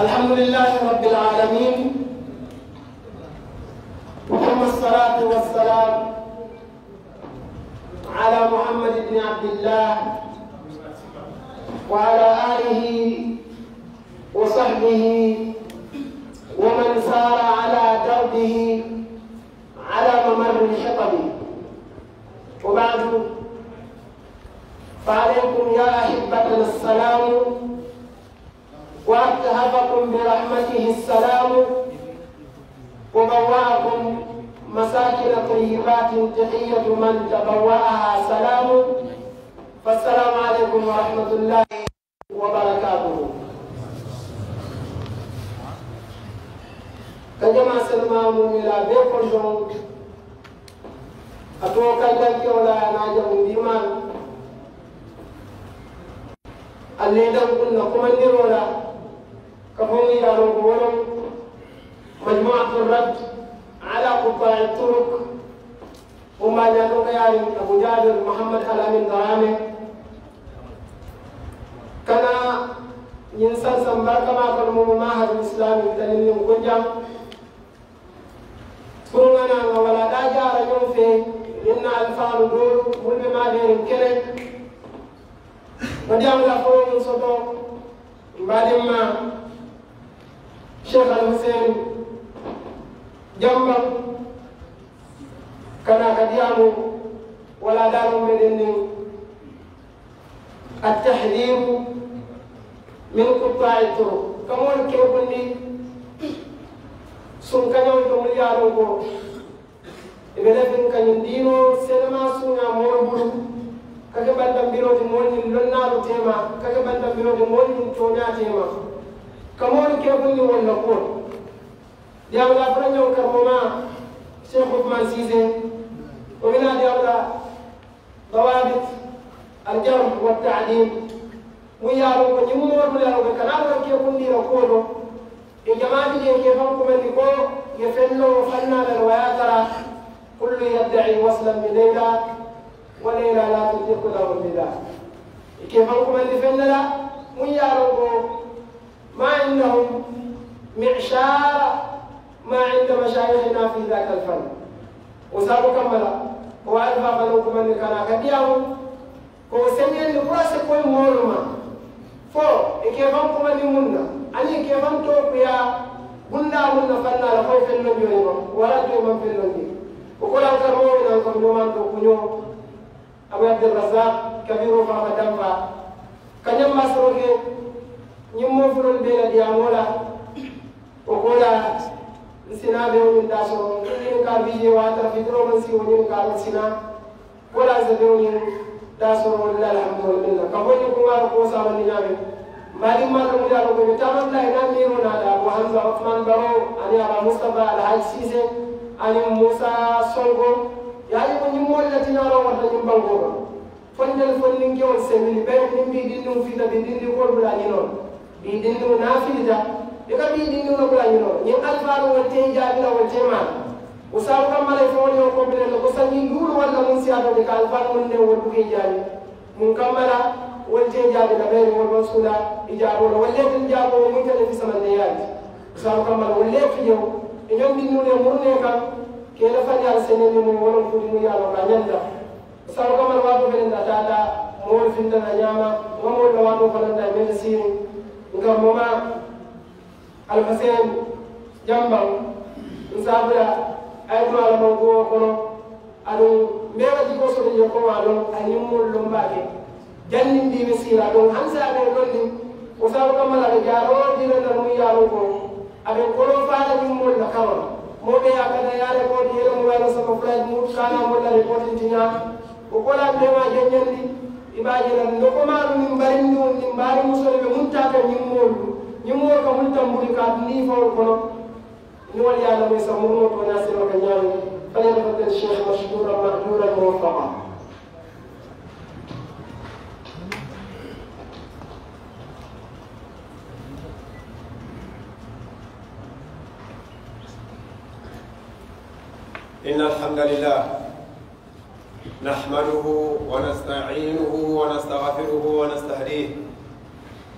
الحمد لله رب العالمين وثم الصلاة والسلام على محمد بن عبد الله وعلى آله وصحبه ومن سار على دربه على ممر الحطب وبعد فعليكم يا أحبة السلام وأتهفكم برحمته السلام وبوأكم مساكن طيبات تحية من تبوأها سلام فالسلام عليكم ورحمة الله وبركاته كجما سلمان إلى بيكون جون أتو كجلا ولا ناجا مديمان اللي دم كنا كمان نرولا كهم يروقون مجموعة الرد على قطاع الطرق وما جانوك يعني أبو جابر محمد الأمين درامي كان ينسان سنبار كما قلمو معهد الإسلام تلين يمكن جام تكوننا ولا دا جار يوم في إن ألفان دول ملم ما دين كنك وديام لفو من صدو بعد ما Cheikh Al Hussein Jambal kana kadiyamu wala daru meɗen at attahdiru min quttai toro kam woni kewgundi sun kañoy to mul yaron ko bin refin kañum ndino senema suña mono ɓuru kake ɓandam mbirode moñin tema كمان كيفني ولا قول ديال لا فرنجو كرمونا شيخ عثمان سيزي ومن ديال ضوابط الجمع والتعليم ويا رب ورب يا رب كلام كيفني رقولو الجماعة دي كيفنكم اللي كو يفلوا وفلنا للوياترة كل يدعي وصلا بليلى وليلى لا تطيق له بذلك كيفنكم اللي فلنا ويا رب ما عندهم معشار ما عند مشايخنا في ذاك الفن وصاروا كملا وعرف فنوكم أن كان كبيرهم وسمي أن براسك والمولما فو إكيفانكم أن منا أني إكيفان توقيا بندا من فنا لخوي في اللون يوم ولا توما في اللون وكل أنكروا من أنكم يوما توقنيو أبو عبد الرزاق كبير فاما دمفا كان يما ñiŋ moo fuloŋ bee la diyaamoo la wo ko la nsinaa beŋo ñiŋ taa ñiŋ ka bijee waa tara fitiroo maŋ sii wo ñiŋ ka ala sinaa wo la ase beŋo ñiŋ taa la alhamdulillah ka fo ñiŋ kuŋaaro koo saama ni ñaame mbaali maalu mu yaa ko taama bila ina e miiroo naa la abu hamza othman baro ani aba mustapha alhaji siise ani musa sonko yaani ko ñiŋ moolu la tinaaroo warta ñiŋ bankoo kaŋ fondel fondinkewo semini bee niŋ bii dindiŋ fiita bi dindi koolu bula ñinoon indin ɗin ɗindiro nafilita e kadi ɗi ni ɓurañino ñin alfaru wolte jaabira wolte ma o saabu kammala e fowde o ko comprenno ko sa ni nguru wala mun mum siyatode ka ne alfaru mum nde wodduke jaabi mum kammala wolte sula ɓeyde wolwon suuɗa e jaaboɗo walletin jaaboo mum kene fisamande yaadi o saabu kammala wollefi jew e ñamɗinnude murne kam kene ni seneni mum wonon fuɗi mum yaalo ka ñanda o da kammala waato fenenda taata mowol findana mo mamowol ɓe waato fananda mede sirin ngamoma alfasen jamba nsabra ay to ala mo go kono adu mera di koso de yoko wado ay mul lomba ke jannin di misira do hamsa go donni o sabu ko mala ga ro di na mu ya ro ko ade ko ro fa de mo na kawo mo be ya ka ya re ko di re mo wala so ko fa mu ka na mo la report ti na o ko la de ma jannin di ibaji na ndoko ma ni mbari ni mbari mo so le mo la ñimmoolu ñimmoolu ka mun tamburi ka lii fawol kono ni wal yaala muy sax mun moo toñaa sino ka ñaami فليتفضل الشيخ مشكورا مأجورا موفقا إن الحمد لله نحمده ونستعينه ونستغفره ونستهديه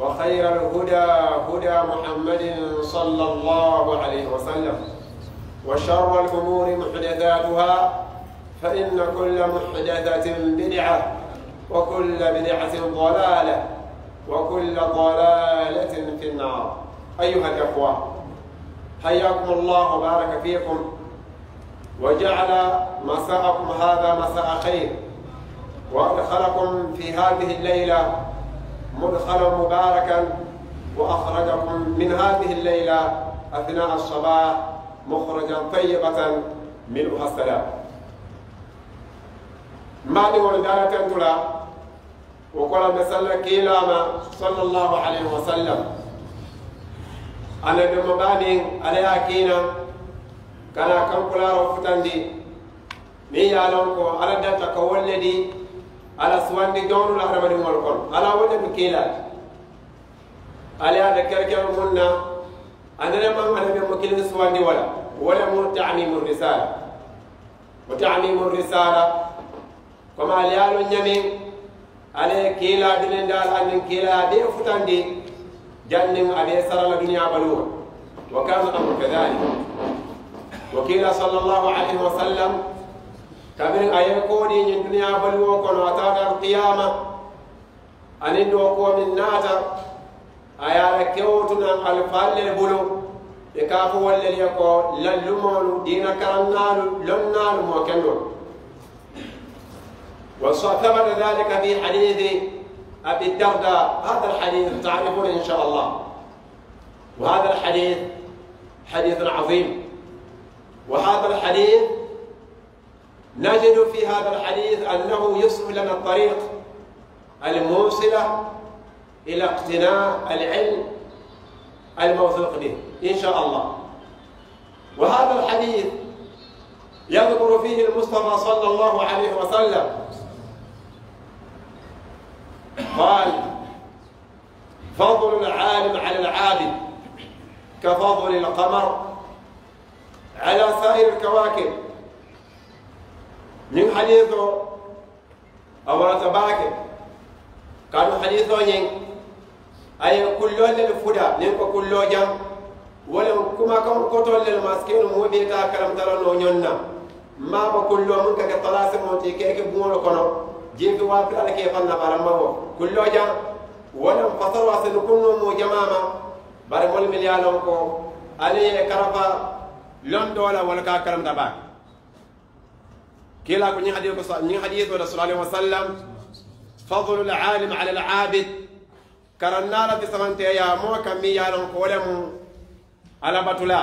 وخير الهدى هدى محمد صلى الله عليه وسلم وشر الأمور محدثاتها فإن كل محدثة بدعة وكل بدعة ضلالة وكل ضلالة في النار أيها الإخوة حياكم الله وبارك فيكم وجعل مساءكم هذا مساء خير وأدخلكم في هذه الليلة مدخلا مباركا وأخرجكم من هذه الليلة أثناء الصباح مخرجا طيبة ملؤها السلام لي ولدانا تنتلا وقال مسلا كيلاما صلى الله عليه وسلم أنا بمباني عليها كينا كان كم كلا رفتندي مي يعلمكم على دتك والذي على سوان دي جون لا حرام دي مول كون على وجه مكيلا على هذا كرك منا انا ما انا في مكيل سوان دي ولا ولا مو تعميم الرساله وتعميم الرساله كما على يالو نيمين على كيلا دي دال ان كيلا دي فتان دي جنن ابي سر الدنيا بلوه وكان الامر كذلك وكيلا صلى الله عليه وسلم تابين أيام كوني ين الدنيا بلوه كن واتار القيامة أني نوكو من ناتا أيا ركوتنا الفال البلو يكافو واللي يكو للمون دينا كرنال لنال موكنون وصفر ذلك في حديث أبي الدرداء هذا الحديث تعرفون إن شاء الله وهذا الحديث حديث عظيم وهذا الحديث نجد في هذا الحديث أنه يصف لنا الطريق الموصلة إلى اقتناء العلم الموثوق به إن شاء الله وهذا الحديث يذكر فيه المصطفى صلى الله عليه وسلم قال فضل العالم على العابد كفضل القمر على سائر الكواكب nin haditho awarata baake kaatu haditho ñiŋ aye kulloo lelu fuda nin ko kulloo jaŋ wala kuma kam kotol lel maskenu mu be ta karam tala no nyonna ma ba kullo mun kaga tala se mo te keke bumo kono jefi wa ta ke fanna baram ma ho kullo ja wala fatar wa sen kunno mo jamama bare mol miliyalon ko ale karafa lon dola wala ka karam da ba كلا كن حديث من حديث الرسول عليه وسلم فضل العالم على العابد كرنا في سمنت يا مو كم يا لون كولم على بطلا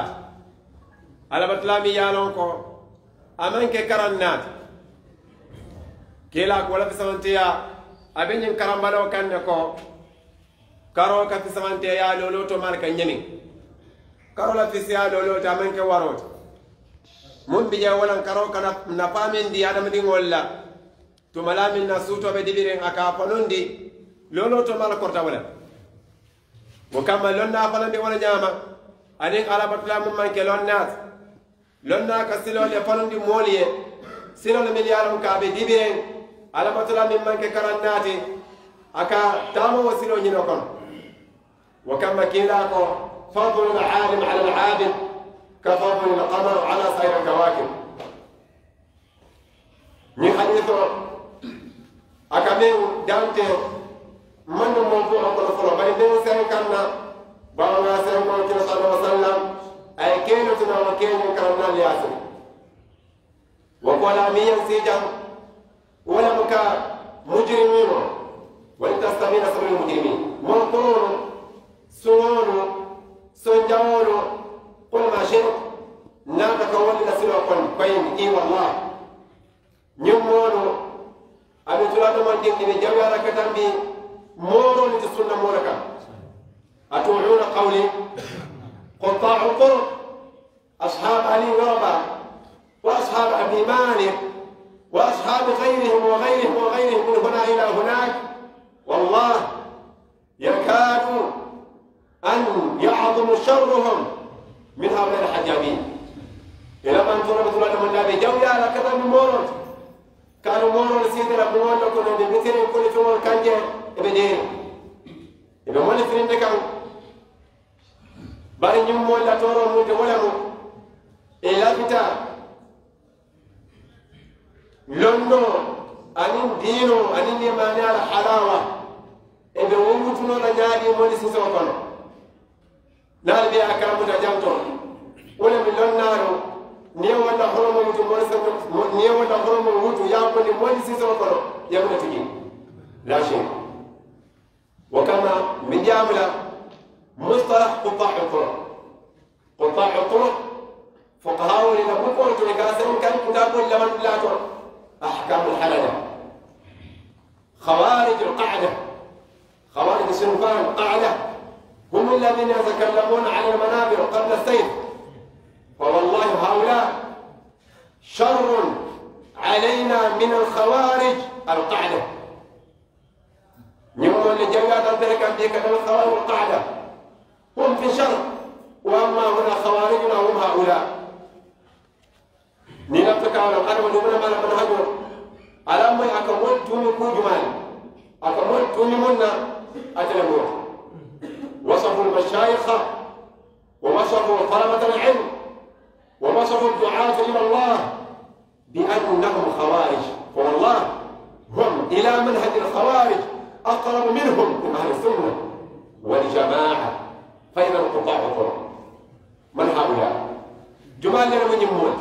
على بطلام يا لون كو أمن كرنا كلا كولا في سمنت يا أبين كرم بلو كان نكو كارو كفي سمنت يا لولو تمار كنيمين كارو لا في سيا لولو تامن كوارو mun bi jaw walan karo kana na min di adam di ngolla to mala min na suto be dibire aka falondi lolo to mala korta wala mo kama lonna falande wala nyama anin ala batla mun man ke lonna lonna ka silo le falondi moliye silo le miliaram ka be dibire ala batla min man ke karannati aka tamo wasilo nyino kon fadlu al alim ala al abid كفر من القمر على سائر الكواكب من حديث أكمل دانتي من موضوع الطرفة بل دين سين كنا بارنا سين كنا صلى الله عليه وسلم أي كينتنا وكين كنا لياسر وقال ميا سيجا ولا مكا مجرمين ولتستمر سبيل المجرمين منقرون سنون سنجاون قل ما شئت لا تكون لسلو قل بين طيب، إي والله نمونو أبي تلاد من دين دين جميع ركتن بي مورو لتسنة موركا أتوعون قولي قطاع القرب أصحاب علي وربا وأصحاب أبي مالك وأصحاب غيرهم وغيرهم وغيرهم من هنا إلى هناك والله يكاد أن يعظم شرهم من هؤلاء الحجابية إلى من تربط لنا من نبي جويا على كذا من مورد كانوا مورد سيدنا بمون لكم أن مثل كل فمور كان جه ابن جهل ابن مولي فرين دكاو بارين يوم مولا تورو مود ولا مو إلى بتا لندو أنين دينو أنين يمانيا الحلاوة ebe wo mutuno na nyaadi moni siso kono naal be a kaamuta janto wo le mi lon naaro niŋ walla horomo wutu moolu se niŋ walla horomo wutu ye a kondi moolu sisoo kono ye mu ne tigi lasin wo kama min jaamu la mustalah qutau quro qutau quro fuqahawo le la mu kono tuni kaa seŋ kan kutaabolu lamandu laa to ahkamul halala khawarijul qaada khawarij sunfaan qaada هم الذين يتكلمون عن المنابر قبل السيف فوالله هؤلاء شر علينا من الخوارج القعدة يوم اللي جاء ذلك أمريكا من الخوارج القعدة هم في شر وأما هنا خوارجنا هم هؤلاء نيلتك على القرب نمنا من منهجنا ألم يأكمل تومي كوجمان أكمل تومي منا أتلمون وصفوا المشايخ ووصفوا طلبة العلم ووصفوا الدعاة إلى الله بأنهم خوارج والله هم إلى منهج الخوارج أقرب منهم من أهل السنة والجماعة فإذا القطاع القرآن من هؤلاء؟ جمال لنا من يموت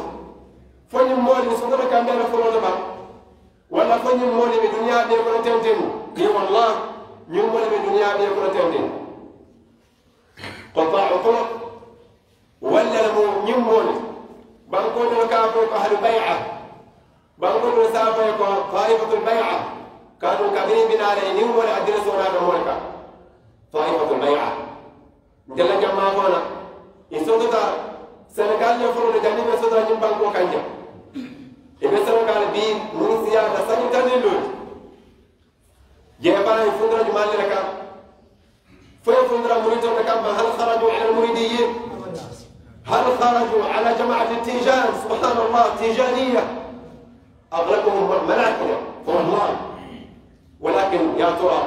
فن يمول يصدر كان بين فلو لبا ولا فن يمول من بين دي كنا تنتين والله يموت من بين دي كنا تنتين قطاع طرق ولا لمو نيمون بانكون كافو كهل بيعة بانكون سافو طائفة البيعة كانوا كبيرين بنا على نيمون أدرس ولا نمولك طائفة البيعة جل جماعة هنا يسوتها سنغال يفرون جانب يسوتها جنبانكو كنجا ibe sarokal bi mun siya da sani tanilul je bara ifundra jumalle raka فيطرد المريد كما هل خرجوا على المريديين هل خرجوا على جماعة التيجان سبحان الله تيجانية أغلبهم ملاكنة والله ولكن يا ترى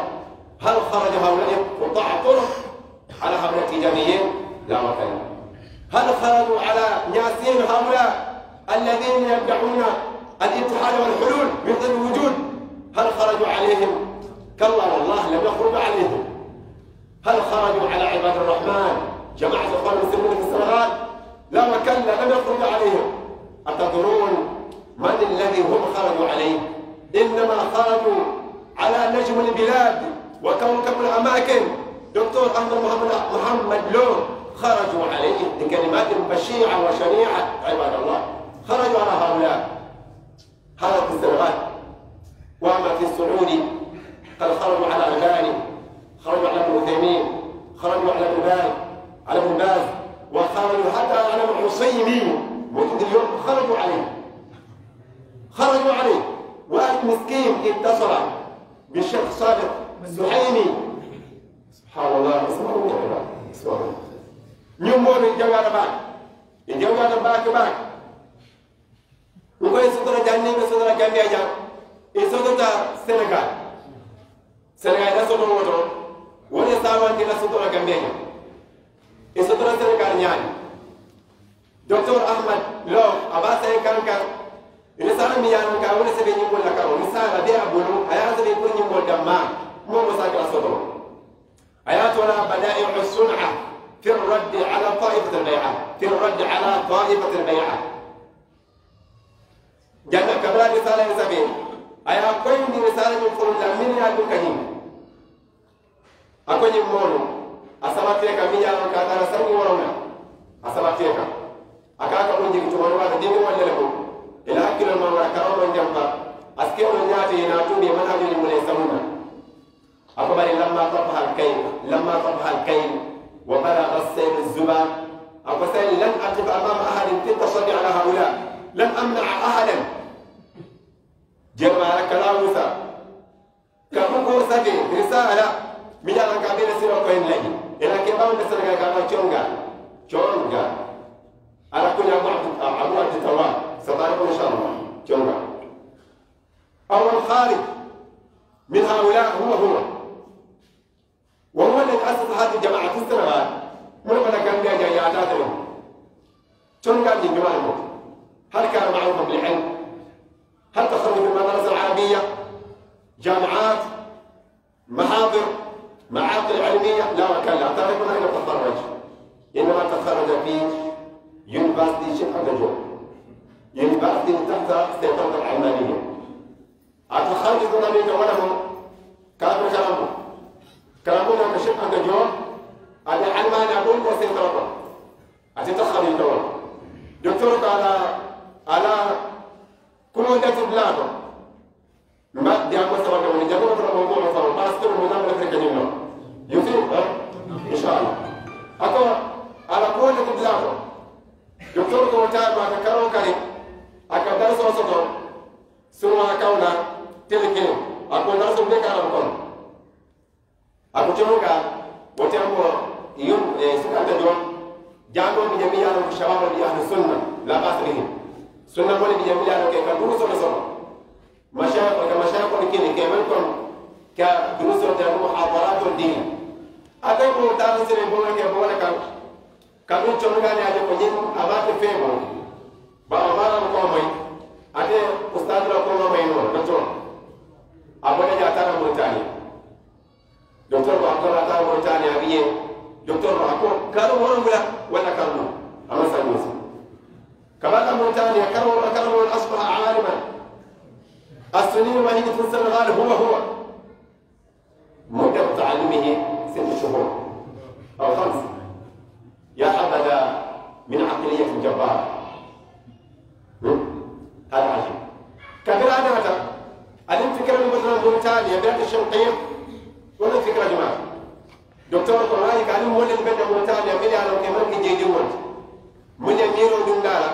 هل خرج هؤلاء قطاع طرق على هؤلاء التيجانيين؟ لا وكلا هل خرجوا على ياسين هؤلاء الذين يدعون الاتحاد والحلول مثل الوجود هل خرجوا عليهم؟ كلا والله لم يخرجوا عليهم هل خرجوا على عباد الرحمن جماعة إخوان المسلمون في السنغال؟ لا وكلا لم يخرج عليهم أتدرون من الذي هم خرجوا عليه؟ إنما خرجوا على نجم البلاد وكوكب الأماكن دكتور أحمد محمد محمد لون خرجوا عليه بكلمات بشيعة وشنيعة عباد الله خرجوا على هؤلاء هذا في السنغال وأما في السعودي قد خرجوا على أغاني خرجوا على ابن عثيمين خرجوا على ابن باز على ابن باز وخرجوا حتى على ابن عثيمين موجود اليوم خرجوا عليه خرجوا عليه واحد مسكين اتصل بالشيخ صادق السحيمي سبحان الله سبحان الله سبحان الله نيوم بون جوانا باك جوانا باك باك وكاي سودرا جاني بي جاني اجا اي سودرا سنغال سنغال دا سودرا وتو woni samanti la sutura gambeño e sutura sere kar ñaani docteur ahmad lo aba saye kankan risala mi yanon ka woni sebe ñimbol la karo risala be a bolu a ya sebe pour ñimbol damma momo sakira sotoro aya tola badaiu sun'a في الرد على طائفة البيعة في الرد على طائفة البيعة جنة كبرى رسالة سبيل أيا كوين رسالة من فرد من يا كنين a ko ñiŋ moolu a sabatee ka miŋ ye a loŋ ka a tara sanji woroŋ na a sabatee ka a ka a ka mu jiŋ tubarumaa ta dindiŋo le le ko i la hakkiloo maŋ wara karoo maŋ janfa a si kewo ñaati i naa tuubi i mana juni mu le samu na a ko bari lamma tabaha alkayn lamma tabaha alkayn wa balaga zuba a ko sayl lam aqif amama ahadin fi tasaddi ala haula lam amna ahadan jemaara kalaa wusa ka ko ko sake risala mijala kabila siro ko en lagi ila ke bawo de sarga ka chonga chonga ala ko ya ba'd abu abd tawa sabara ko insha Allah chonga aw al kharij min haula huwa huwa wa huwa alladhi asasa hadhihi jama'at as-sanawat mun bana kan da ya ta ta chonga ni jama'a ko هل كان معروفا بالعلم؟ هل تخرج من المدرسه العربيه؟ جامعات محاضر معاقل علمية لا تعرف تعرفون أين تخرج إنما تخرج في يونيفرستي شبه مجهول يونيفرستي تحت سيطرة العلمانية أتخرج من أمريكا ولهم كلام كلامه كلامه لما شبه مجهول العلمان يقول سيطرة أتتخرج دكتورك على على كل وجهة بلاده ma jambo sabata wani jambo wata mungu wa sawa ba sikiru mu zamu kake kanyo yusiru ha insha Allah ako ala ko ne ku zako doktor ko ta ba ka karo kare aka bar so so to suma kauna teleke ako na so ne kala ko ako tunoka wote ambo iyo suka ta don jambo mi jami'a no shababu ya sunna la basrihi sunna ko ni jami'a no ke kan duru so so مشايخ وكمشايخ كيني كمنكم كدروس محاضرات الدين أكيد مدرس يقول لك يقول لك كم يوم كان يجي كنين أباك فيمو بأمارة مقامي أتى أستاذ لكم ما ينور دكتور أبونا جاتنا موريتانيا دكتور بأكل أتا موريتانيا أبيه، دكتور بأكل كارو ولا ولا كارو أما سنوس كمان موريتانيا كارو السنين وهي في السنغال هو هو مدة تعلمه ست شهور أو خمسة يا حبذا من عقلية الجبار هذا عجيب كبير هذه فكرة من مثلا موريتانيا بلاد الشرقية ولا فكرة جماعة دكتور قرآني قال هو اللي بدا موريتانيا ملي على كمان كي جي ولد ملي ميرو دندالا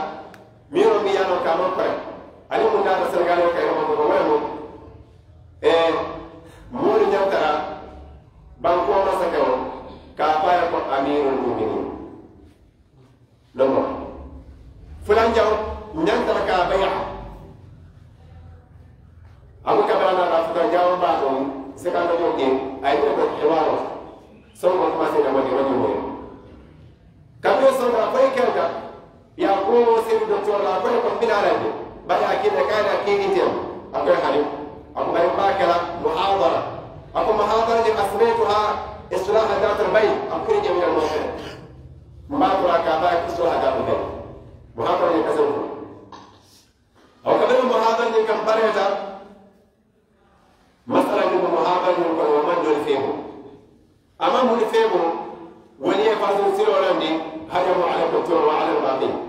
ميرو ميانو كمان قرآن ariko mugamba serikali yake yomo ndo wewe eh muri nyakara banko masa kawo kapa ya kwa amiru mumini ndomo fulan jaw nyakara ka baya abu kabala na afuta jaw ba ko sekando yoki ayo ko tewaro songo kwa se na mwe mwe kapo songo kwa ikelka ya ko se ndo tora kwa ya kwa binara ndo بايا كي كان كي إتيم أقول حليم أقول غير باكلا محاضرة أقول محاضرة اللي أسميتها إصلاح ذات البيت أقول جميع المسلم ما ترى كاباك إصلاح ذات البيت محاضرة اللي كسبوا أو كمان المحاضرة اللي كان بريتا مثلا المحاضرة اللي كان ومن دون فيهم أمام فيهم وليه فرض سيرو لندي هجموا على الدكتور وعلى الباقين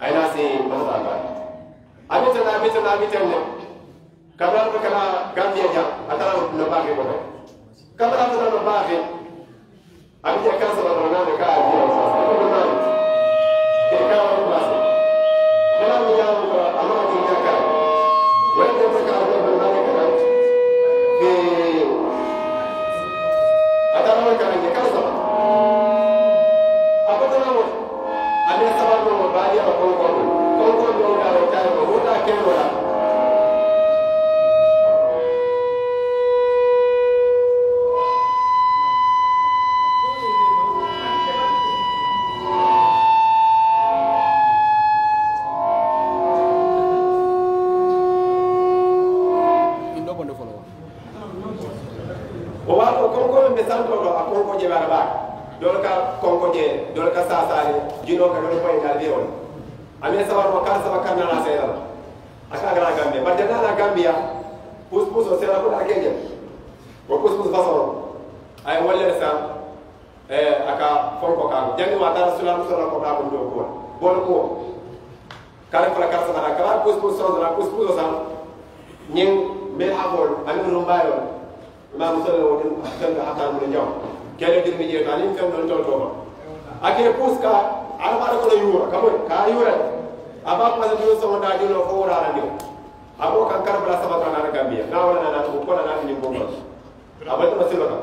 aina se masaba abita na abita na abita ne kabla ko kala gambia ja atara no baake ko ba ko no baake abita kan sa no na ka abita do ka gano poy kalde on ame sabar mo kar sabar kan na sayra aka gara gambe barja na na gambia pus pus o sayra ko da kenya ko pus pus basoro ay walle sa eh aka forko ka jangi wa dar sulam sura ko da do ko bon ko kare fala kar sabar kala pus pus so na pus pus sa nyen me habol ani no mbayon ma musala wo den tan hatan mo nyaw kele dirmi je tan ni fem don to to ake puska alamaɗo kono yuura kamoy ka yuurani avant pasa ɗum sogonda julo fo wurarani o abo kan kara bala sabaka nana gambia na wala nana ko kona nana ni bongo abatuma silo kam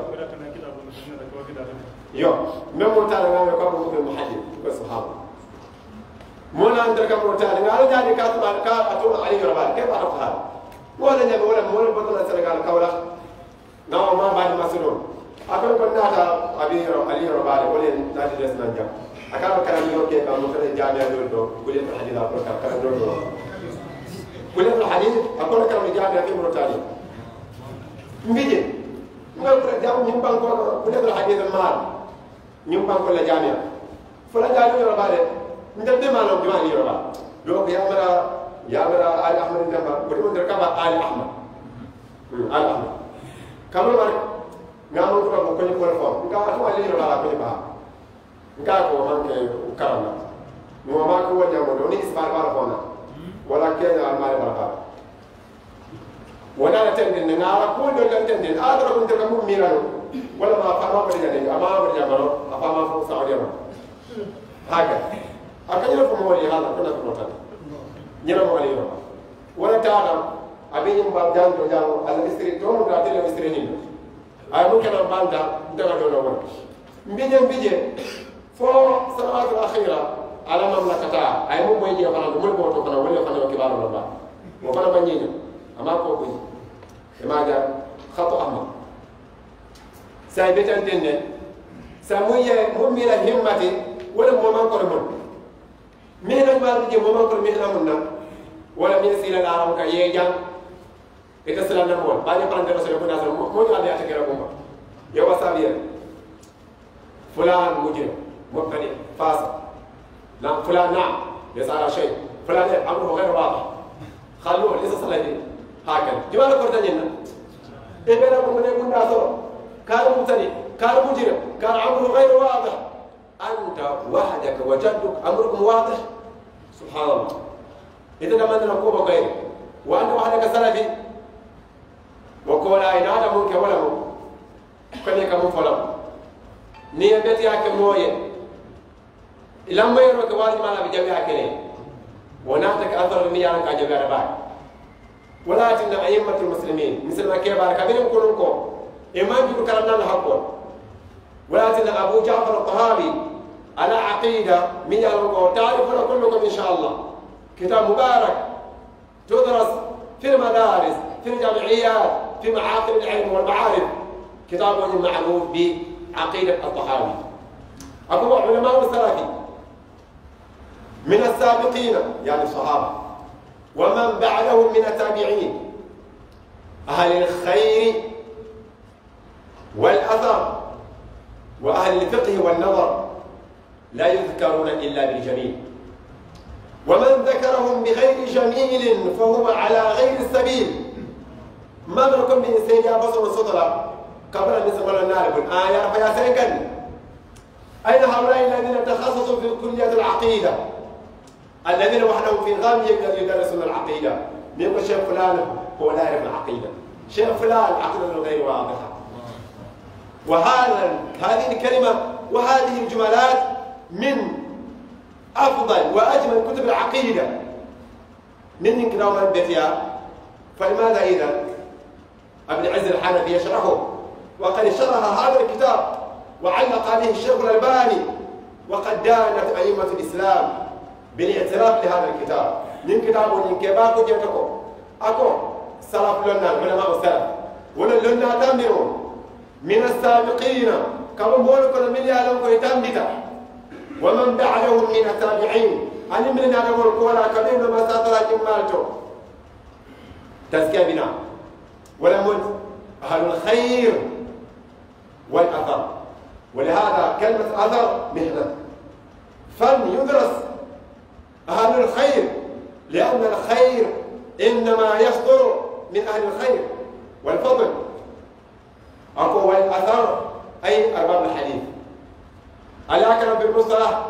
yo même mo tala ngawe kam mo ko muhajjir ko sahaba mona andar kam mo tala ngalo jadi ka to ka ato ali rabal ke ba ko hal wala nyabe wala mo batala senegal kawla ngawa ma ba ni masulo akon ko nata abi ali rabal wala nati des nan jam akara kara ni ke kam mo kare jabe do do gule to hadith akor kara kara do do gule to hadith akor kara ni jabe ke mo tali mbije ngal kare jabu nyum bang ko gule to hadith mal nyum bang ko la jabe fula jabe yo ba de ndel de malom di mali yo ba do ya mara ya mara al ahmad ndamba ko mo der ka ba al ahmad al ahmad ko ko ko ko nkaako hanke karana numa maake wo ñamodo oni isbar bara hona hmm? wala keña almare bara bara wonana tenden ne ngaara ko do lan tenden adara ko ndeka mum mirano wala ma fama ko jani ama ma jamano afama fo saudi ma haga akanyira ko mori hala ko na ko tan nyira mo ali ro wala taala abi yim ba dan to jalo al istri to mo ga tele istri ni ay mo kana banda ndaka do no won فور سنوات الأخيرة على مملكتها أي مو بيجي يا فلان مو بيجي فلان ولا فلان وكبار ولا ما مو فلان بيجي أما كوبي إما جا خطو أما سايبتن تنين سامويا مو ميرا همتي ولا مو مان كرمون مهنا جبار جي مو مان كرمون مهنا ولا مين سيلا العالم كي يجا إذا سلام نقول بعد فلان جلس يقول ناس مو مو يعني أشكره كم يا وسابير فلان مجرم مقتنع فاسد لا فلان نعم ليس على شيء فلان امره غير واضح خلوه ليس صلاه هكذا جمال قرطنجنا إبنا من يكون ناصر كان مقتنع كان مجرم كان امره غير واضح انت وحدك وجدك امرك واضح سبحان الله اذا لما نقوم غير وانت وحدك سلفي وكون اين هذا ممكن ولا ممكن كان يكمل فلان نيابتي هكذا مويه لما يرى كواتي مالا بجميع كلام وناتك أثر المياه عنك عجب عربا ولا أجل أئمة المسلمين مثل ما كيبا كبير كلكم أن يقول كلامنا الحق ولا أجل أبو جعفر الطهابي على عقيدة من يالوكم تعرفون كلكم إن شاء الله كتاب مبارك تدرس في المدارس في الجامعيات في معاقل العلم والمعارف كتاب معروف بعقيدة الطهابي أبو علماء السلفي من السابقين يعني الصحابة ومن بعدهم من التابعين أهل الخير والأثر وأهل الفقه والنظر لا يذكرون إلا بالجميل ومن ذكرهم بغير جميل فهو على غير السبيل ما بالكم بإنسان يا بصر الصدرة قبل أن يسمعنا النار آية فيا سيكن أين هؤلاء الذين تخصصوا في كلية العقيدة الذين وحدهم في الغام يقدر يدرسون العقيده بيقول شيخ فلان هو لا يعرف العقيده شيخ فلان عقيدته غير واضحه وهذا هذه الكلمه وهذه الجملات من افضل واجمل كتب العقيده من كلام البيتيا فلماذا اذا ابن عز الحنفي يشرحه وقد شرح هذا الكتاب وعلق عليه الشيخ الالباني وقد دانت ائمه الاسلام بالاعتراف لهذا الكتاب من كتاب ونين كباكو أكو سلف لنا من هذا السلف ولا لنا تنبيرو من السابقين كما بقولك لو يعلم كتاب ومن بعدهم من التابعين أنا من أنا أقول كولا كبير لما ساتر جمالته تزكية بنا ولا أهل الخير والأثر ولهذا كلمة أثر مهنة فن يدرس أهل الخير لأن الخير إنما يصدر من أهل الخير والفضل أقوى والأثر أي أرباب الحديث الأكرم بالمصطلح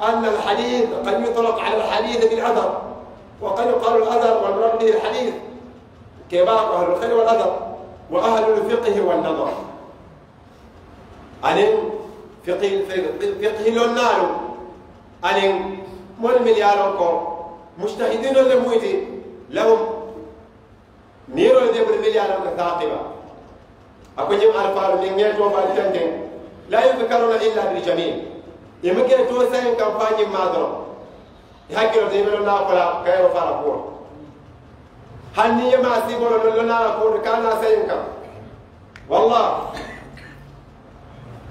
أن الحديث قد يطلق على الحديث بالأثر وقد يقال الأثر والمراد به الحديث كبار أهل الخير والأثر وأهل الفقه والنظر أن فقه فقه لنال أن مول مليارو كون مجتهدين اللي مويتي لهم نيرو اللي بر كون كثاقبة أكو جم ألفارو لنجل توفا لتنتين لا يذكرون إلا بالجميع يمكن توسعين كمفاني مادرو يحكي لو نا فلا كيرو فارفور كور هني ما سيبولو لنا كور كانا سيمكم والله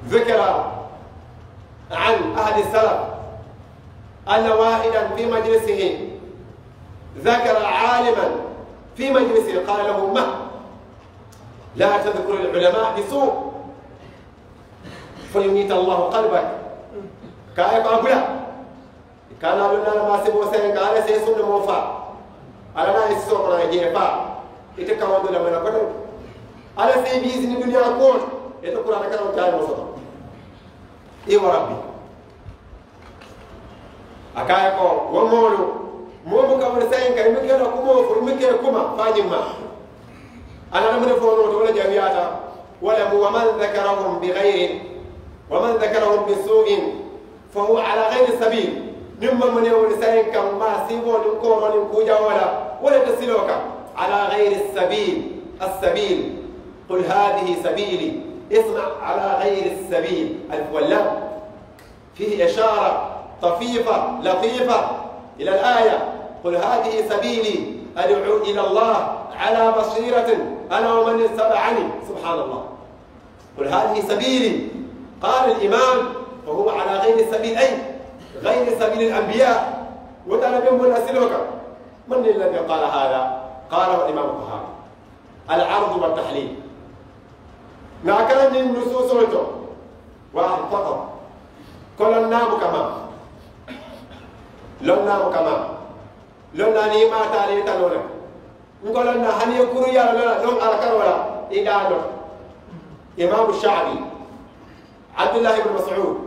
ذكر عن أهل السلف أن واحدا في مجلسه ذكر عالما في مجلسه قال له ما لا تذكر العلماء بسوء فيميت الله قلبك كاي باغولا كان لنا ما سيبو سين قال سيسون موفا على لا يسوق لا يجيبا يتكا دولا من قد على سيبيز بيزن الدنيا كون يتقرا كان تعالى وصدق إيه وربي akaya ko wamolu momu ka wona sayin kay mi kela kumo fo mi ke kuma fajimma ana na mene fono to wala jamiata wala mu waman dhakarahum bighayrin waman dhakarahum bisu'in fa huwa ala ghayri sabil nimma mene wona sayin kam ma sibo dum ko woni kuja wala wala tasiloka ala ghayri sabil السبيل قل هذه سبيلي اسمع على غير السبيل الف واللام فيه إشارة طفيفة لطيفة إلى الآية قل هذه سبيلي أدعو إلى الله على بصيرة أنا ومن اتبعني سبحان الله قل هذه سبيلي قال الإمام وهو على غير سبيل أي غير سبيل الأنبياء وتعالى بهم أسألك من الذي قال هذا؟ قاله الإمام الطهاري العرض والتحليل ما كان النصوص واحد فقط كل النام كمان لو نام كما لو ناني ما تاري نقول لنا هل يكون يا لولا لو أركر ولا إذا نور إمام الشعبي عبد الله بن مسعود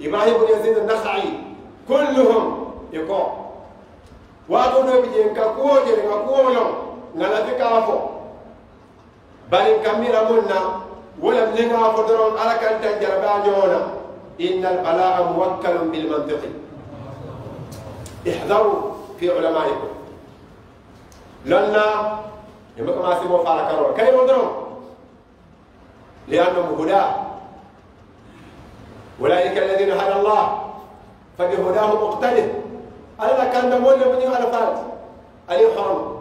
إبراهيم بن يزيد النخعي كلهم يقول وأقول لك إن كاكوجي إن كاكوجي إن كاكوجي بل إن كاميرا منا ولم نقع فدرون إن البلاء احذروا في علمائكم لنا يمك ما سيبوا فعل كرون كيف يردرهم لأنهم هدى أولئك الذين هدى الله فبهداه مقتدر ألا كان دمول لبني على فات ألي حرم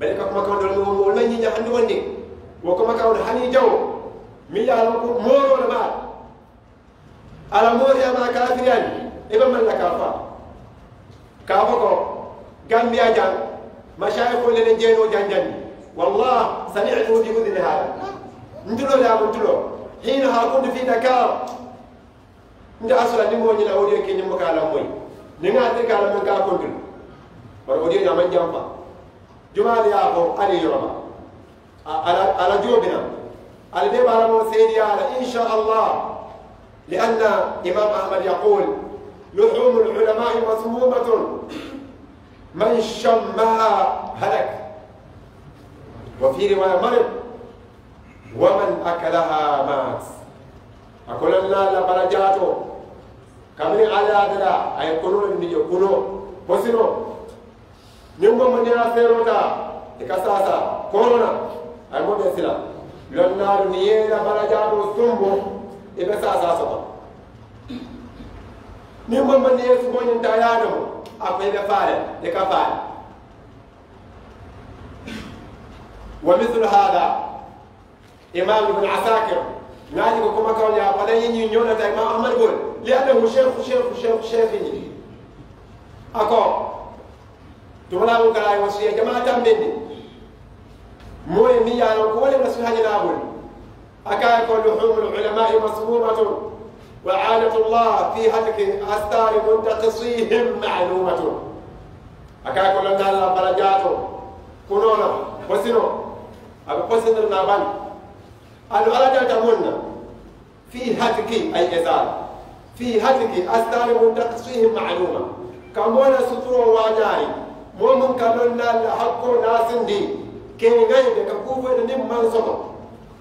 بل كما كان دلوم من يجحن وني وكما كان حني جو مي على مور ولا ما على مور يا ما كافرين إبا من لك أفا كابوكو جنبيا جان مشايخ ولا نجينو جان جان والله سمعت ودي مثل هذا ندلو لا ندلو حين هاكون في دكار ندي أصلا نمو نينا ودي كي نمو كالا موي نينا تلك على من كاكون دلو ورودي نمان جنبا جمال يا ابو علي يرمى على على جوبنا على دي بالا إن شاء الله لأن إمام أحمد يقول لحوا وثومة من شمها هلك وفي رواية مرض ومن أكلها مات أقول الله لا برجاته كمن على هذا أي كنون من يكونوا بسنو نيمو من يأثيرونا إكساسا كورونا أي مو مدسلا لن نار نيلا برجاته سنبو إبساسا سبب ni mo man ne fu mo nda ya no akwai be fare de ka fare wa mithlu hada imam ibn asakir nani ko kuma kawai ya fara yin yin yona ta imam ahmad gol li annahu shaykh shaykh shaykh shaykh ni ako to wala ko kala wasu ya jama'a tan bende moye mi ya ko wala nasu hanya na gol aka ko luhumul ulama masmuratun وعالة الله في هلك أستار منتقصيهم معلومة أكاكو لنا الناس برجاته كنونا وسنو أبو قسن النابل ألو ألا جاتمونا في هلك أي إزال في هلك أستار منتقصيهم معلومة كمونا سطور واناي مومن كمونا لحقو دي كي غير كفوفة نمان سطور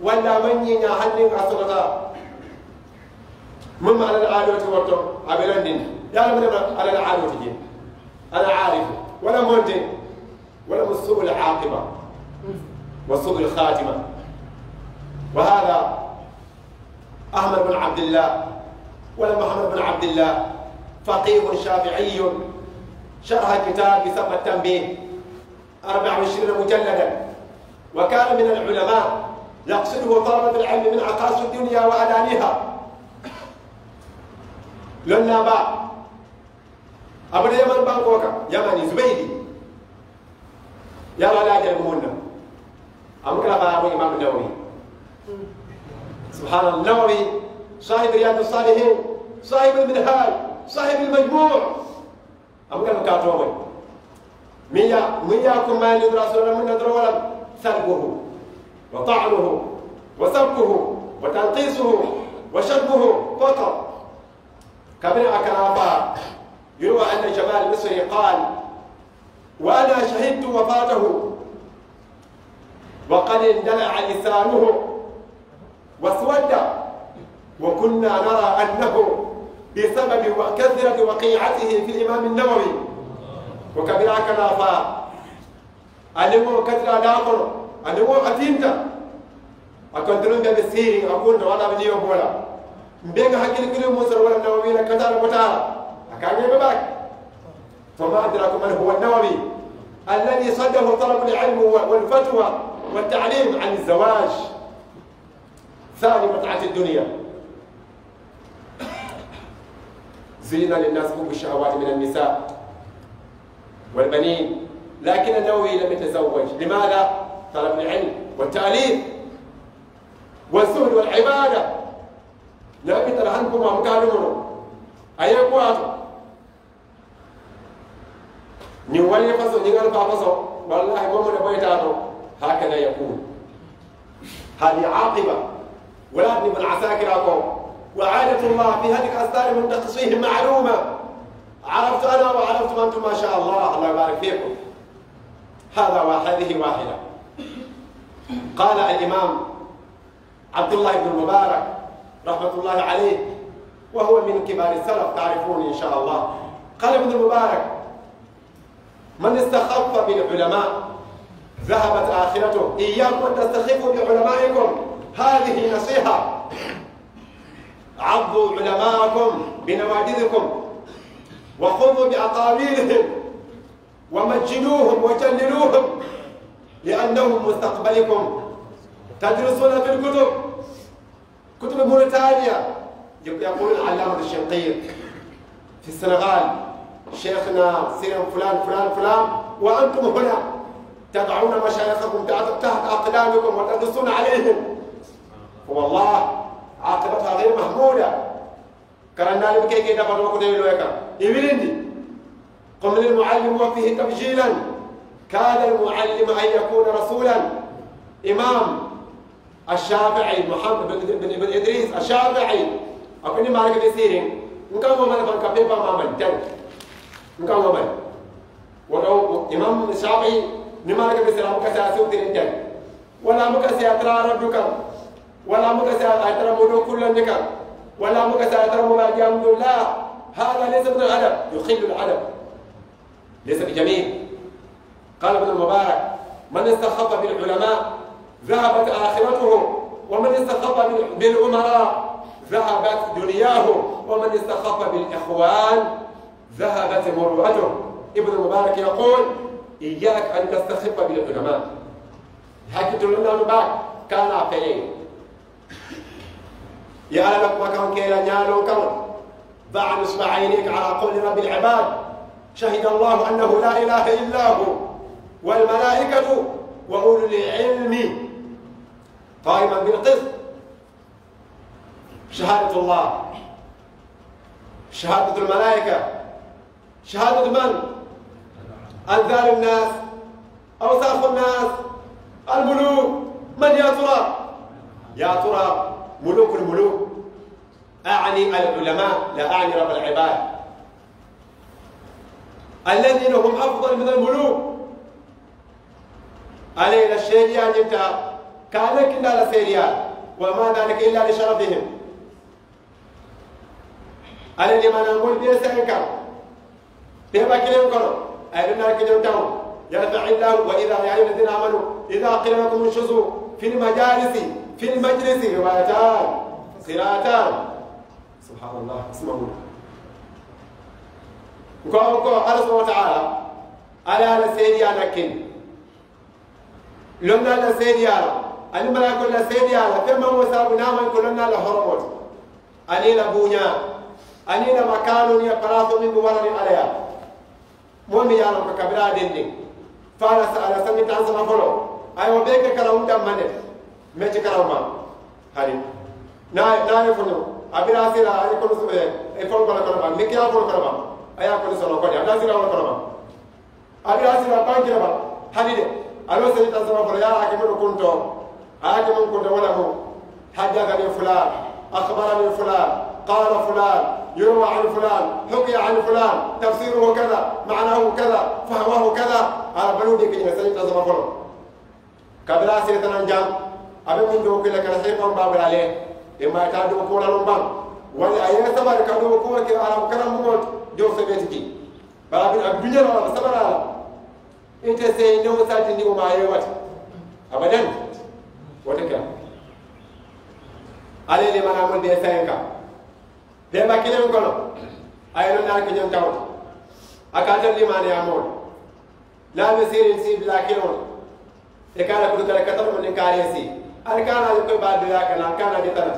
ولا من ينحن أصدقاء مما على العالم ورتم أبلان دين يا من على العالم جين أنا عارف ولا مونتين ولا من عاقبة العاقبة وسوء الخاتمة وهذا أحمد بن عبد الله ولا محمد بن عبد الله فقيه شافعي شرح كتاب بسبب التنبيه 24 مجلدا وكان من العلماء يقصده طلبة العلم من عقاص الدنيا وأدانيها لون نابا أبدا يمن بانكوكا يمن زبيدي يلا لا جل مهنا أمك لا بابو إمام النووي سبحان الله النووي صاحب رياض الصالحين صاحب المنهاج صاحب المجموع أمك لا كاتومي ميا ميا كما يدرس ولا من ندر ولا ثلبه وطعنه وسبكه وتنقيسه وشربه فقط كبر أكرابا يروى أن جمال مصري قال وأنا شهدت وفاته وقد اندلع لسانه واسود وكنا نرى أنه بسبب كثرة وقيعته في الإمام النووي وكبر أكرابا أنه كثرة داخل أنه أتينتا أكون تلون بسيري أكون وانا بنيو بولا mbega hakkille gilum mun ولا wala nawawina katano أكان akañeme ɓaake fama adraku man huwa الذي صده طلب العلم والفتوى والتعليم عن الزواج ثاني متعة الدنيا زين للناس كل الشهوات من النساء والبنين لكن النووي لم يتزوج لماذا؟ طلب العلم والتعليم والزهد والعبادة لكن ki tara han ko ma ka lu mo aye ko a ni wali fa so ni ngal ba fa so ولا ابني من عساكر اقوم وعادة الله في هذه الأستار من تخصيصهم معلومة عرفت أنا وعرفت أنتم ما شاء الله الله يبارك فيكم هذا وهذه واحدة قال الإمام عبد الله بن المبارك رحمة الله عليه وهو من كبار السلف تعرفون إن شاء الله قال ابن المبارك من استخف بالعلماء ذهبت آخرته إياكم أن تستخفوا بعلمائكم هذه نصيحة عضوا علماءكم بنواجذكم وخذوا بأقاويلهم ومجنوهم وجللوهم لأنهم مستقبلكم تدرسون في الكتب كتب موريتانيا يقول العلامة الشنقيط في السنغال شيخنا سير فلان فلان فلان وأنتم هنا تضعون مشايخكم تحت أقدامكم وتدسون عليهم والله عاقبتها غير محمودة كرنا لم كي كي دفعوا وقت الويكا يبيني قم للمعلم وفيه تبجيلا كاد المعلم أن يكون رسولا إمام الشافعي محمد بن بن ادريس الشافعي اكوني مالك بسيرين نكان ما من فان كابي ما من تن نكان هو من ولو امام الشافعي نمالك بسير ابو كسا سوتين تن ولا مكسي اترى ربك ولا مكسي اترى مدو كل نكان ولا مكسي اترى مبادئ الحمد لا هذا ليس من الادب يخل العدم ليس بجميل قال ابن المبارك من استخف بالعلماء ذهبت آخرتهم ومن استخف بالأمراء ذهبت دنياهم ومن استخف بالإخوان ذهبت مروءتهم ابن المبارك يقول إياك أن تستخف بالعلماء حكيت لنا بعد كان أقلين يا لك وكم كيلا نالو كون بعد اصبع عينيك على قول رب العباد شهد الله أنه لا إله إلا هو والملائكة وأولو العلم قائما بالقسط شهادة الله شهادة الملائكة شهادة من؟ أنذار الناس أوساخ الناس الملوك من يا ترى؟ يا ترى ملوك الملوك أعني العلماء لا أعني رب العباد الذين هم أفضل من الملوك علينا الشيء يعني انتهى كانك إلا لسيريا وما ذلك إلا لشرفهم أنا لما نقول بير سعيكا بيبا كلهم كرو أهلنا كلهم تاو يرفع الله وإذا يعني الذين آمنوا إذا قيل لكم انشزوا في المجالس في المجلس رواتان قراءتان سبحان الله اسمه وكو كو الله سبحانه وتعالى على لسيريا لكن لنا لسيريا ani bala kolla seedi ala femma mo saabu naman ko lonna la horomol anina buuña anina makano niya palaso min mo warani alaya momi yalon ko kabira den ndin faala ala sangi tan sama folo ay o ɓeeke kala um dam mande mecce kalaw ma hari na naye fono abira sira ay kono soɓe e fon kono kono ma mikkiya kono kono ma aya kono sono kodi abira sira wono kono ma abira sira bankira ma hani de alo sangi tan sama folo yala ake moɗo kunto من كنت وله حدثني فلان أخبرني فلان قال فلان يروى عن فلان حكي عن فلان تفسيره كذا معناه كذا فهمه كذا هذا بلودي كي نسيت هذا مفهوم كبلا سيتنا جام أبي من دوك لك نسيت أم باب عليه إما كادو كولا لومبان ولا أي سبب كادو كولا كي أنا كلام موت جو سبيتكي بلا بين الدنيا لا سبب لا أنت سينو ساتني وما يوات أبدا wote kya ale le mana mun de fenka de ma kilen kono ay no na ko nyam taw akatel li mana ya mon la misirin si bila kilon e kana ko kala katal mun kare si al kana ko ba bila kana kana de tan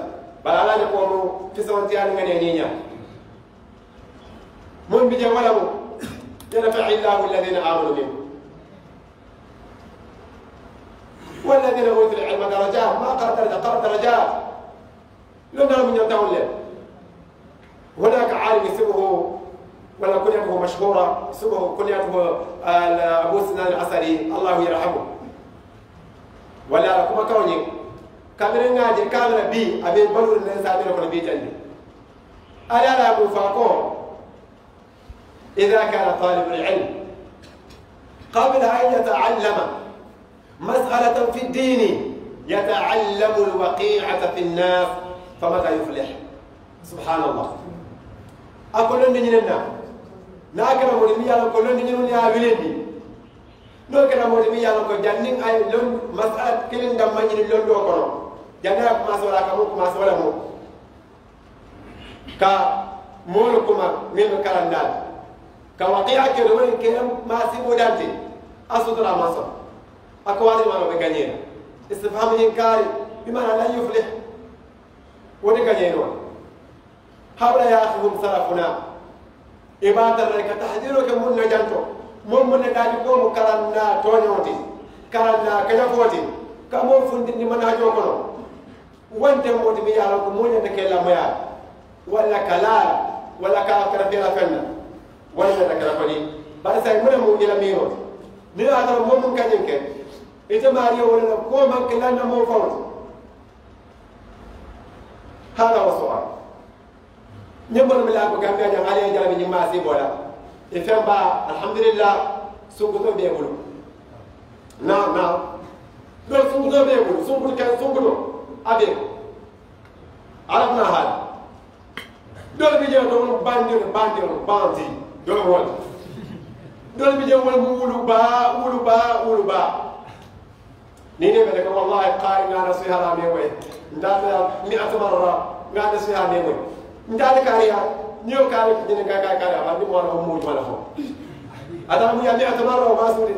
balala ne ko mo fisonti an ngene ninya mun bi je wala mo yarfa illahu alladhina amanu minkum والذين اوتوا العلم درجات ما قرأ درجه قرأ درجات لنا من له هناك عالم يسبه ولا كنيته مشهورة يسبه كنيته أبو آه، سنان العسري الله يرحمه ولا لكم كوني كاميرا ناجي كاميرا بي أبي بلور الناس أبي لكم بي جاني ألا لا أبو فاقون إذا كان طالب العلم قبل أن يتعلم مسألة في الدين يتعلم الوقيعة في الناس فمتى يفلح سبحان الله أقول لنا ننا ناكنا مرمي على كل ننا يا بلدي ناكنا مرمي على كل جنين أي لون مسألة كلين دم من لون دو كرو جنة ما سولا كمو ما سولا مو كا مولكما من كلام دال كوقيعة كلمة كلام ما سيبودانتي أسود لا ما سولا أكواني ما نبي نبغانينا استفهام إنكاري بما لا يفلح ودي ونغانينا هؤلاء يا أخي هم سلفنا عبادة لك تحذيرك من نجانتو من من نجانتو قوم كرنا تونيوتي كرنا كجفوتي كمون فندي من هجوكنا وانت موت ميالك مون يتكلم ميا ولا كلال ولا كافر في الفن ولا تكلفني بس أنا مو إلى ميروت نرى هذا مو ممكن يمكن إذا ما عليه ولا قوم كلنا مو فوز هذا هو السؤال نمر من الأب كان بيجي عليه جاب من ما سيب ولا يفهم بقى الحمد لله سوقته بيقولوا نعم نعم لا سوقته بيقولوا سوقته كان سوقته أبي عرفنا هذا دول بيجوا دول باندير باندير باندي دول ولد دول بيجوا ولد ولو با ولو با ولو با نيني بلك والله قارن نانا سيها لا ميوي ندار مئة مرة نانا سيها ميوي وين كاريا نيو كاريا كدين كا كاريا كاريا أما موانا هم موج مانا هم أدام نيا مئة مرة وما سوري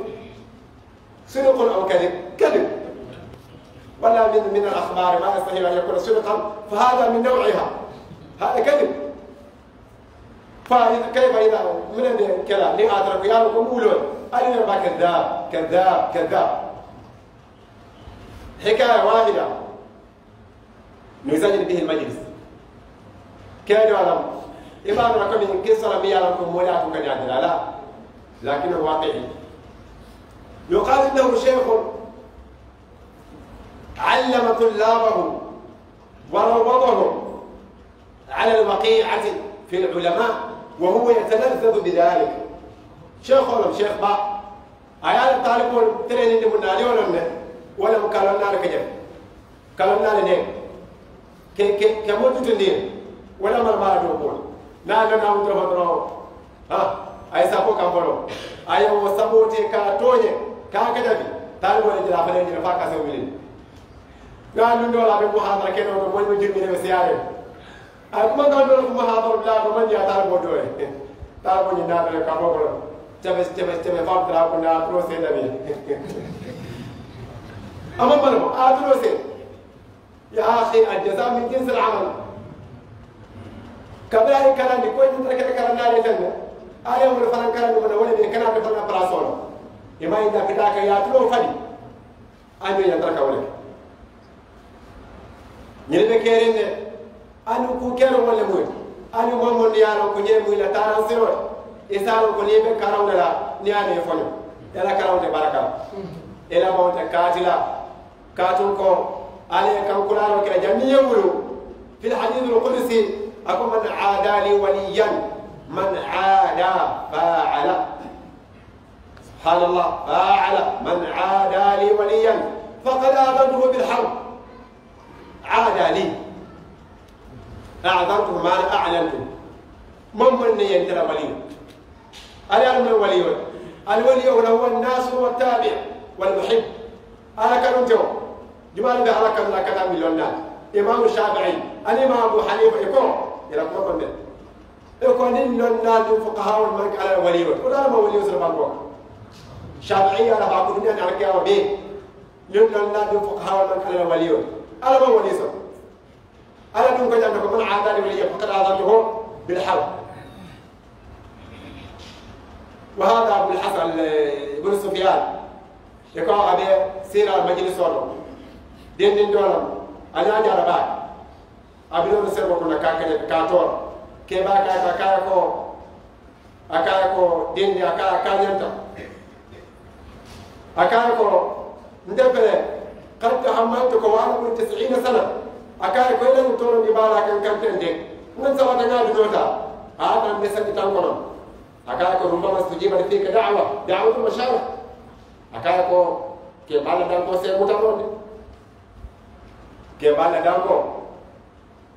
صدق أو كذب كذب ولا من من الأخبار ما يستحي أن يكون صدقا فهذا من نوعها هذا كذب كيف إذا من الكلام لأدرك يا لكم أولون أين ما كذاب كذاب كذاب حكاية واحدة نزل به المجلس كان يعلم إما أن نكون من كسر بيعلمكم ولا تكون يعدل لا لكنه واقعي يقال إنه شيخ علم طلابه وروضهم على الوقيعة في العلماء وهو يتلذذ بذلك شيخ ولم شيخ با أيال الطالب ترين اللي من ولا wala kala na ka jam kala na ne ke ke ke mo tutu ni wala mar mara do ko na na na uto ho do ha ai sa ko ka bolo ai wo sabote ka tonye ka ka dabi tal wala jira fa ne jira fa ka se wili na lu do la be ko ha mara ke no mo mo jirmi ne be siare ai kuma ka do ko ma ha do la do man ya tal bo do e tal bo ni na ka ko ko tebe tebe tebe fa ko na pro se da bi أما برمو آدل آه، وسيل يا أخي الجزاء من جنس العمل أي كلام يكون كوي ترك كلام ناري يتنى أي أمر فلان كلام من أول من كنا فلان براسون إما إذا كتاك ياتلو فلي أنو يترك ولك نيرب كيرين أنو كوكير ولا موي أنو مم نيارو كنيه موي لا تاران سيرو إسارو كنيه بكارو لا نيارو يفني يلا كارو تبارك إلا ما هو تكاتلا كاتوكو علي كان قرآن كلا جميع في الحديث القدسي أكو من عادى لي وليا من عادى فاعل سبحان الله فاعل من عادى لي وليا فقد آذنته بالحرب عادى لي أعذرته ما أعلنته من من يندر ولي ألا من ولي الولي هو الناس والتابع والمحب أنا كنت جمال ده على كم كذا مليون نعم إمام الشافعي الإمام أبو حنيفة يكون يلا كم من يكون مليون نعم فقهاء والملك على الولي ولا ما ولي وزير عن شافعي على بعض الدنيا على كيا وبي مليون نعم فقهاء والملك على الولي على ما ولي وزير على دون كذا أنكم من عادني ولي فقد عادته بالحرب وهذا ابو الحسن بن سفيان يقع به سيرة مجلس ورم den den dolam anya nyara ba abino no serbo kuna kakele kator ke ba ka ka ka ko akaya ko den de akaya kanyanta akaya ko ndebele qad tahammaltukum wa ana kuntu 90 sana akaya ko lan tolo di bala kan kan tende nan sa wata ngadu dota hada ne sa kitan kono akaya ko rumba mastujiba fi ka da'wa da'wa mashara akaya ko ke bala dan ko se mutamonde kebala danko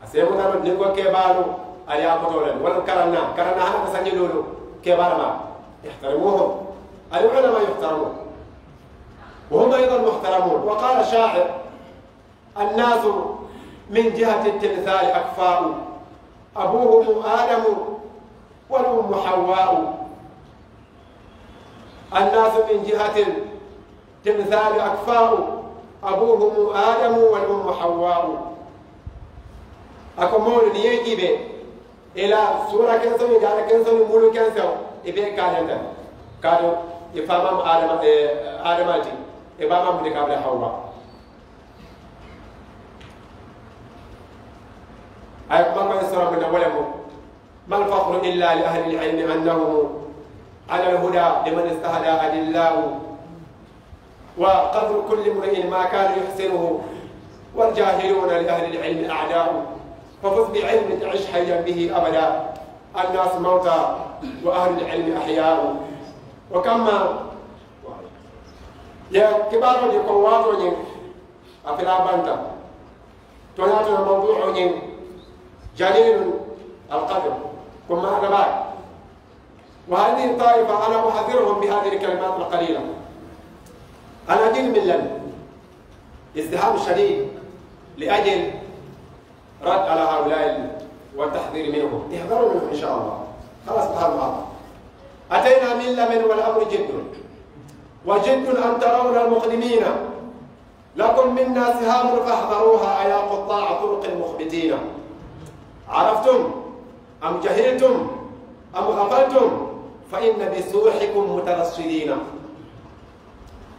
asemo na ne ko kebalo ali akoto len wala karana karana hana sangi lolo kebala ma احترموهم وهم ايضا محترمون وقال شاعر الناس من جهة التمثال أكفاء أبوهم آدم والأم حواء الناس من جهة التمثال أكفاء abuhum adamu wal ummu hawwa'u ako mawni ni yengi be ila sura kan so mi kan so mi mulu kan so e be kado e famam adama e adamati e babam de kabla hawa. ay ko ko sura mo na wala وقدر كل امرئ ما كان يحسنه والجاهلون لأهل العلم أعداء فخذ بعلم تعش حيا به أبدا الناس موتى وأهل العلم أحياء وكما يا كبار يكون واضح أفلا بانتا تناتنا موضوع جليل القدر كما هذا بعد وهذه الطائفة أنا أحذرهم بهذه الكلمات القليلة أنا من ملن ازدهار شديد لأجل رد على هؤلاء والتحذير منهم احذروا منهم إن شاء الله خلاص بهذا الأمر أتينا من لمن والأمر جد وجد أن ترون المقدمين لكم منا سهام فاحذروها أيا قطاع طرق المخبتين عرفتم أم جهلتم أم غفلتم فإن بسوحكم مترصدين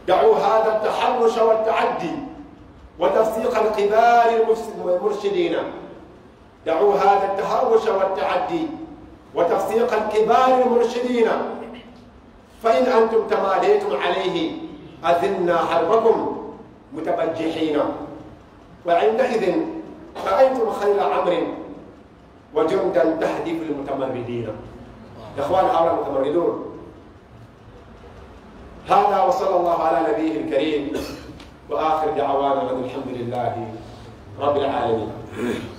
دعوا هذا التحرش والتعدي وتفسيق القبال المرشدين دعوا هذا التحرش والتعدي وتفسيق الكبار المرشدين فإن أنتم تماليتم عليه أذنا حربكم متبجحين وعندئذ رأيتم خير عمر وجندا تهدف المتمردين يا إخوان هؤلاء المتمردون هذا وصلى الله على نبيه الكريم واخر دعوانا ان الحمد لله رب العالمين